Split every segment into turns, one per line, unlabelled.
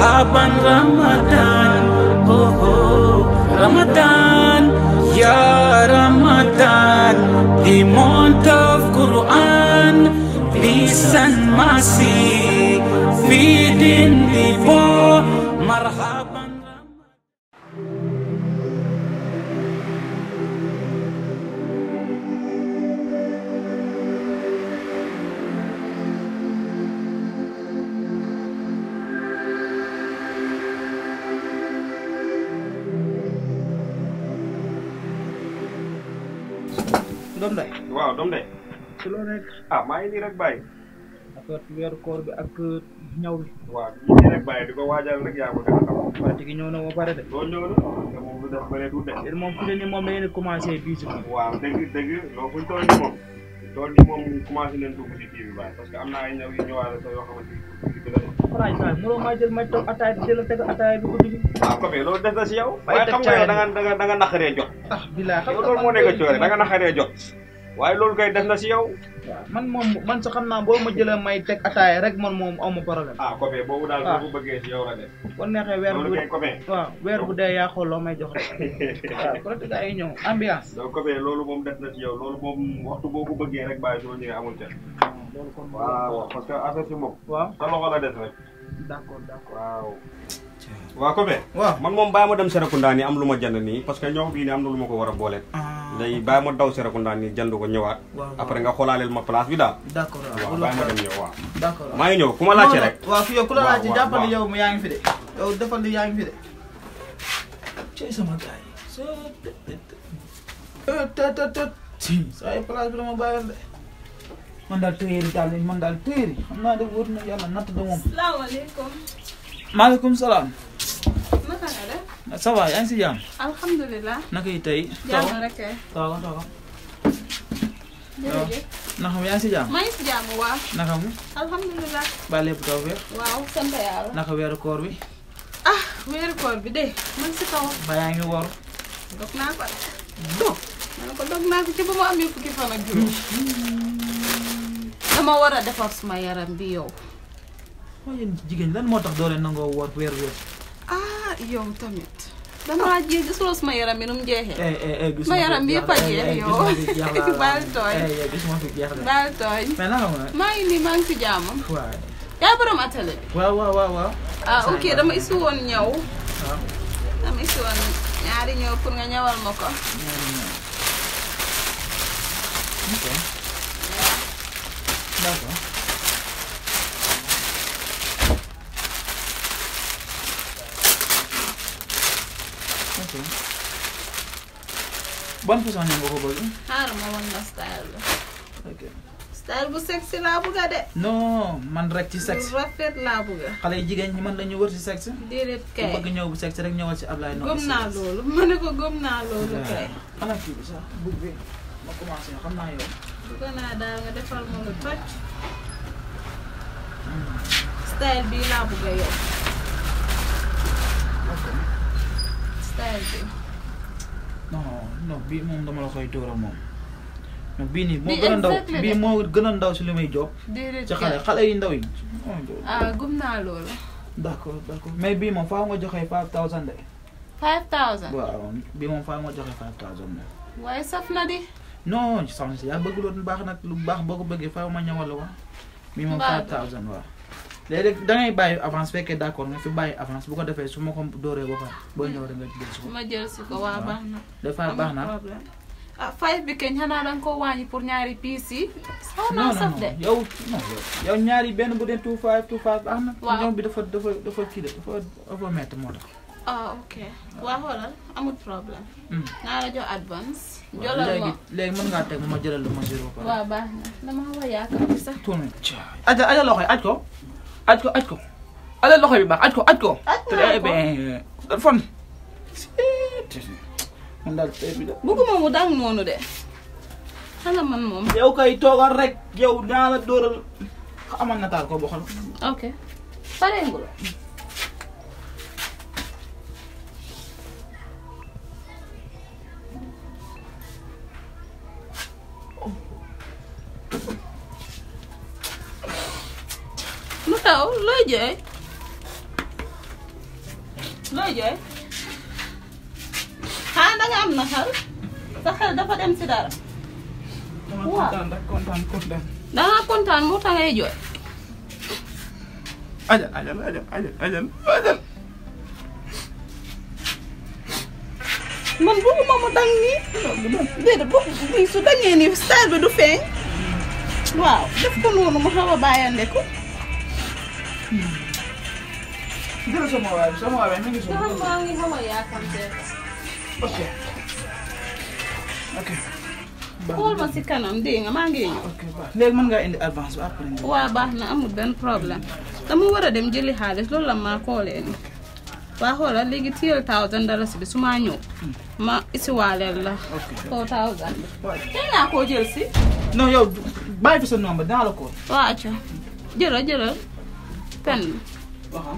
habang Ramadan Oh, oh Ramadan Ya Ramadan The month of Quran Peace and mercy Feeding the poor Marhaba
doom day waaw doom day ci loo nekk ah, maa ngi nii rek baay affaire weeru koor bi ak euh, ñaw bi waaw ñu ngi rek bàyyi di ko waajal nag yaa ko gi a xam na ba pare de loolu ñëw na moom lu def bare moom fu ne nii moom la yéen commencé bisu waaw dëgg dëgg loolu fuñ toll nii moom tool bi moom commencé leen dugg si kii na ay ñëw yu ñëwaale sa yoo xamante ni jël ma toog
ataay bi jël teg ataay bi guddi gi
waaw copain na si yow waaye xam nga da nga da nga ah, da nga naqaree jot ah bilaay xam nga loolu moo nekk coore da nga naqaree jot waaye loolu kay def na si yow.
man moom man sa xam naa boo ma jëlee may teg ataaya rek man moom aw ma problème.
ah copé boobu daal ah. boo ko bëggee si yow la def.
neexee weer bu loolu
kay bu dee yaa xool loo may jox rek. waaw côté gars yi ñëw ambiance. donc copé loolu moom def na si yow loolu moom waxtu boo ko bëggee rek bàyyi soo ñëwee amul teel. loolu waaw parce que affaire si moom. waaw sa loxo la des rek. d'accord d'accord waaw. wa ko be waaw man mom bàyyi ma dem Serekunda ni am luma jand ni parce que ñoom bi ni am luma ko wara a boole léegi ah. bàyyi ma daw Serekunda ni jënd ko ñewat après nga xoolaaleel ma place bi da d'accord waaw dem ñëw wa d'accord may ñew kuma ku rek wa
fi yow kula la jappal yow mu yaangi fi de yow defal li yaangi fi de ci sama gay so ta ta ta saa say place bi dama bayal de man daal téyéeri daal man dal téyéeri xam naa de wóor yalla nat do mom
assalamu alaykum
Malikum salam. naka ada? Sawa, yang va
Alhamdulillah.
ngi si Jam alhamdulilah. naka yi tey. jàmm rek kay. tooga jam, jërëjëf. naka mu yaa ngi si jàmm. maa
ngi si jàmm waaw. naka mu. ah weeru ada korbi deh. man si tawa? ba yaa Dok. wor. dog naa ko de. dog. ma ne ko dog naa ko ci war
moo yéen jigéen lan moo tax doole leen nangoo woor weer weer.
ah yow tamit. damaa ji gis nga sama yaram bi nu mu jeexee. gis ma yaram bi yëpp a jeex yow. baal tooñ fi jeex baal tooñ. mais naka ma. maa ngi nii maa ngi si jàmm. waay. yaa borom atelier bi.
waaw waaw waaw waaw. ah ok dama isi
woon ñëw. waaw. Ah. dama isi woon ñaari ñëw pour nga ñëwal ma ko. ñaari mm.
ñëw. Ok. Bon pou sa nyan koko bol?
Har, mwen wan style. Ok. Style bu sexy la bu ga de.
No, man rek sexy. seksi.
Rafet la bu ga.
Kale yi jigen ni man la nyo wot si sexy?
Diret kay. Ou bagi
nyo bu sexy, rek nyo wot si ablay no. Gom nan
lolo. Mwene ko gom nan lolo kay. Kana ki bu sa? Ya? Hmm. Bu ve. Mwen komanse yon. Kana yon. Kana da nga defal mwen lo pat. Style bi la bu ga yon.
non non bii moom dama la koy dóoral moom. bii nii moo gën a ndaw gën a ndaw si li may job
ci xale xale ndaw yi. Oh, ah loolu.
d' accord d' accord mais bii moom faa nga joxe five thousand de.
five thousand
waaw bii moom faa nga joxe five thousand de.
waaye saf na di.
non soxna si yaa bëgg loolu baax nag lu baax boo ko bëggee faaw ma ñëwal la wa. bii moom five thousand waaw. léeg-léeg da ngay bàyyi avance fekkee d' accord nga fi bàyyi avance bu ko defee su ma ko dooree ba pare boo ñëw rek nga jël si ko.
ma jël si ko waaw baax na. dafa baax na ah five bi kañ xanaa da nga koo wàññi pour ñaari piis yi. xaw naa saf de yow non
yow ñaari benn bu dee two five two five baax na. waaw ñoom bi dafa dafa dafa kii de dafa dafa métti moo tax.
ah ok waa xoolal amul problème. Hmm. naa la jox advance. jëlal ma léegi
léegi mën ngaa teg ma jëlal la ma jël ba pare. waaw
baax na dama xaw a yaakaar
sax. tuuti aj aj loxo aj ko. aj ko aj ko ale loxo bi baax aj ko aj ko. te day
dang noonu de. xanaa man moom. yow kay toogal rek yow naa
la dóoral amal na taal ko boo xam.
ok pareegul. looy jooy looy jooy xanaa danga am na xel dafa dem si dara. danga kontaan moo tax ngay jooy.
ajal ajal ajal ajal ajal.
man bëgguma mu dang nii. déedéet bu su dangee nii style bi du feeñ. waaw def ko noonu mu xaw a Zero samovar, samovar, mingi samovar. Samovar, samovar, ya kamse. Okay. Okay. xool ma si kanam dégg nga maa ngi ñëw. ok baax léegi mën ngaa indi
avance ba après.
waaw baax na amul benn problème dama war a dem jëli xaalis loolu la maa koolee ni waa xoolal léegi tiyal thousand dalasi bi su maa ñëw ma isiwaaleel la. ok four thousand bi. tey naa koo jël si.
non yow bàyyi fi sa nombre dinaa la ko.
waaw ca pen bi. waaw.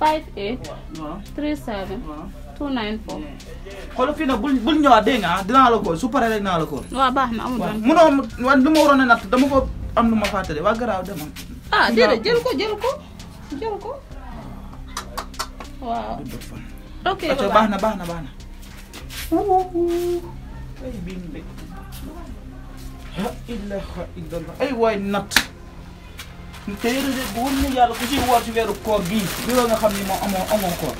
58. waaw 37. waaw 294.
xoolal fii nag bul bul ñëwaat dégg nga dinaa la ko su paree rek dinaa la ko.
waaw baax na amul benn.
munoo man lu ma waroon a natt dama ko am lu ma fàttali waa garaaw demoon.
ah déedéet jël ko jël ko jël ko waaw. ok ba baax na baax na baax
na. ay waay natt. te bu wër na yàlla ku ci woor weeru koor bii li nga xam ni moo amoo amoo koor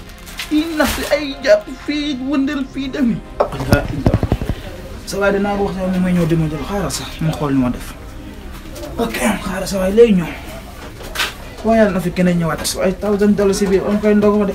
fii naxte ay jàpp fii wëndeel fii dem yi sa waay dinaa ko wax sa waay may jël xaaral sax mu xool ni ma def ok xaaral sa waay lay ñëw waaye yàlla na fi keneen ñëwaat sa waay thousand dollars si biir am koy ndog ma de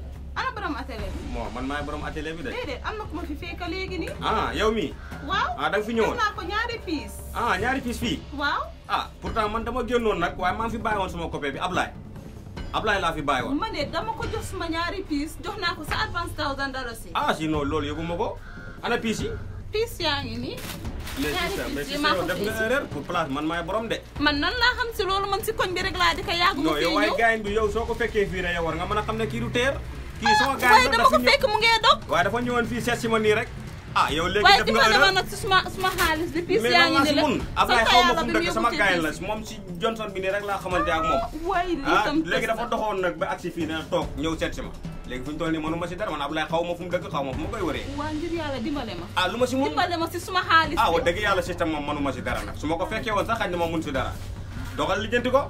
borom atelier bi.
bon man maay borom atelier bi de.
ma fi ah yow mi waaw ah da fi ñëwoon ko ñaari ah ñaari piis fii. waaw
ah pourtant man dama génnoon nag waaye maa fi bàyyi sama copain bi Ablaye. Ablaye laa fi bàyyi woon.
dama ko jox sama ñaari ko sa advance dollars ah si
non loolu yëgu ana piis yi.
piis yaa ngi mais si yow def nga erreur
pour place man maay borom de.
man nan laa xam si loolu man si koñ bi rek laa di ko yàgg.
mu non kii sama gars yi dama ko fekk mu ngee dog waaye dafa ñëwoon fii seet si ma nii rek ah yow léegi def nga dama
nag si suma xaalis bi piis yaa ngi nii la mun
laa xamante ak moom
waay ah,
léegi dafa doxoon nag ba agsi fii dana toog ñëw seet ma léegi fu ñu toll nii mënu ma si dara man Ablaye xaw ma fu mu xaw ma fu ma koy wëree
waa ngir yàlla dimbale ma
ah lu ma
si suma xaalis ah wax
dëgg yàlla si tam moom mënu si dara nag su ma ko fekkee woon sax xaj na ma mun si dara doxal lijjanti ko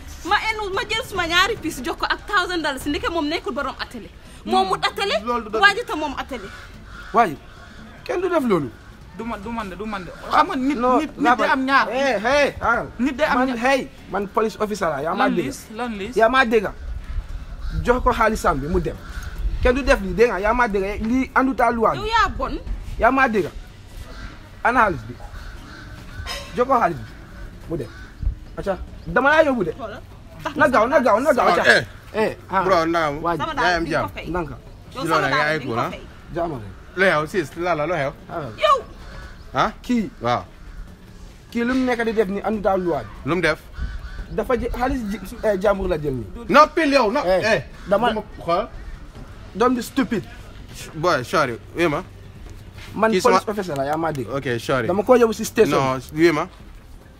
ma en ma jël suma ñaari pis jox ko ak thousand dollars ndike mom nekul borom atelier hmm. moomut atelier waji ta mom atelier
waji kenn du def lolu duma man du man de du man ah, xam nga nit nit nit day am
ñaar hey hey nit day am man hey man police officer la ya maa dégg lan lis ya ma dégg jox ko xalisam bi mu dem kenn du def li dégg ya ma dégg lii anduta loi yow ya bon Ya ma dégg halis bi jox ko xaalis bi mu dem acha dama la yobou de
Ah, na gaaw na gaaw na gaaw ca. Ah, eh.
eh ah waa ji yaayam jaam ndànk. ci loolu nag yaay ko la jaamale. loo xew sis la la loo xew. Ah. yow. ah kii. waaw. kii lu mu nekk di def ni andu daal luwaa bi. lu mu def. dafa jë xaalis ji eh, jàmbur la jël nii. non pile yow non. eh, eh. dama xool. doom di stupide. boy sorry wii ma. man police officer la yaa maa dégg. ok sorry dama ko yóbbu si station. non wii ma.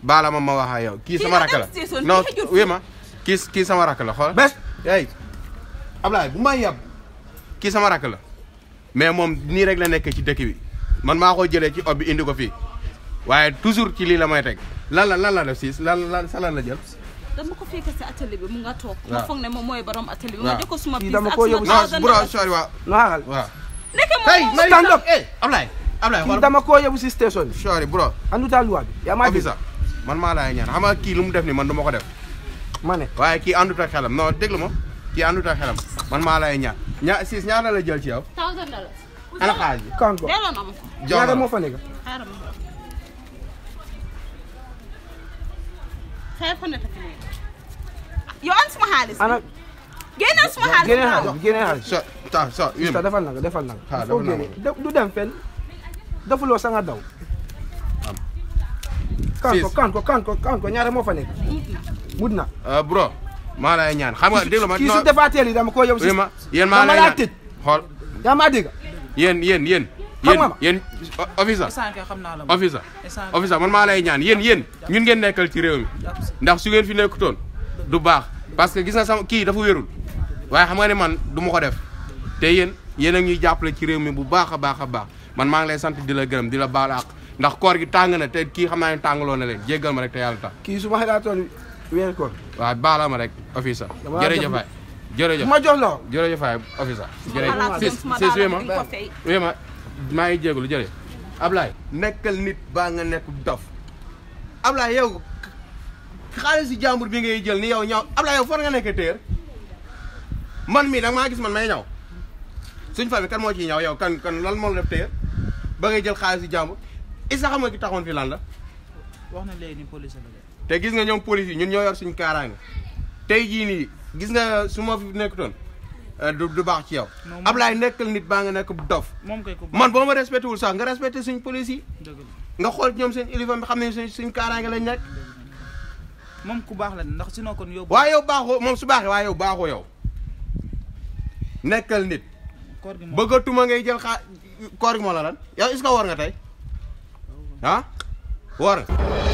baala ma ma wax ak yow. kii sama rakk la non wii ma. kiis kii sama rakk la xool. bés yaay Ablaye bu may yab. kii sama rakk la mais moom nii rek la nekk ci dëkk bi man maa ko jëlee ci ob indi ko fii waaye toujours ci lii la may teg lan la lan la def siis lan lan sa la jël.
dama ko fekk si atelier mu nga toog. ma foog ne moom mooy borom atelier bi. waaw ma ko suma bis ak suma.
waaw
hey may stand up
hey Ablaye. Ablaye xool koo yóbbu si station bi. sori bro. andu ta luwa bi man maa laay ñaan xam nga kii lu mu def ni man du ma ko def. ma ne waaye kii àndut ak xelam non déglu ma kii àndut ak xelam man maa lay ñaan ña siis ñaata la jël ci yow.
1000 dollars. ana xaalis bi kan ko delloo na ma ko. ñaata moo fa nekk. xaaral ma xool. 500 dafa nekk. yow an suma xaalis. ana génneel suma xaalis. génneel xaalis
génneel xaalis. so ta so yéen ta defal na ko defal na ko. ah defal na ko du dem fenn defuloo sa nga daw. Kan, kan ko kan ko kan ko fa nekk. mut na euh, bro maa lay ñaan xam nga déglu ma kii su defaateel dama ko yow si ma yéen maa lay ñaan tëj xool yaa maa dégg yéen yéen yéen yéen yéen officer
officer officer
man maa lay ñaan yéen yéen ñun ngeen nekkal ci réew mi ndax su ngeen fi nekkutoon du baax parce que gis nga sama kii dafa wérul waaye xam nga ne man du ma ko def te yéen yen a ñuy jàppale ci réew mi bu baax a baax a baax man maa ngi lay sant di la gërëm di la baal ndax koor gi tàng na te kii xam naa ne tàngaloo na leen jéggal ma rek te yàlla tax weeru koor waaw baala ma rek office jërëjëf waay jërëjëf ma jox la jërëjëf waay office jërëjëf si ma wé ma maa ngi jégalu jërëjëf Ablaye nekkal nit baa nga nekk dof Ablaye yow xaalis si jàmbur bi ngay jël ni yow ñaw Ablaye yow for nga nekk téer man mii danga maa gis man may ñaw suñ famille kan moo ciy ñaw yow kan kan lan moo def ba ngay jël xaalis si jàmbur isa xam nga ki taxoon fii lan la wax na te gis nga ñoom police yi ñun ñoo yor suñu kaaraange tey jii nii gis nga su ma fi nekkutoon euh, du du baax ci yow. Ablaye nekkal nit baa nga nekk dof. man boo ma respecté wul sax nga respecté suñ police yi. nga xool ñoom seen uniforme bi xam ne suñ suñ kaaraange lañ nekk. ku baax la ndax sinon kon yow. waaye yow baaxoo moom su baaxee waaye yow baaxoo yow nit. koor gi bëggatuma ngay jël xaa koor gi moo la lan yow est-ce nga tey ah woor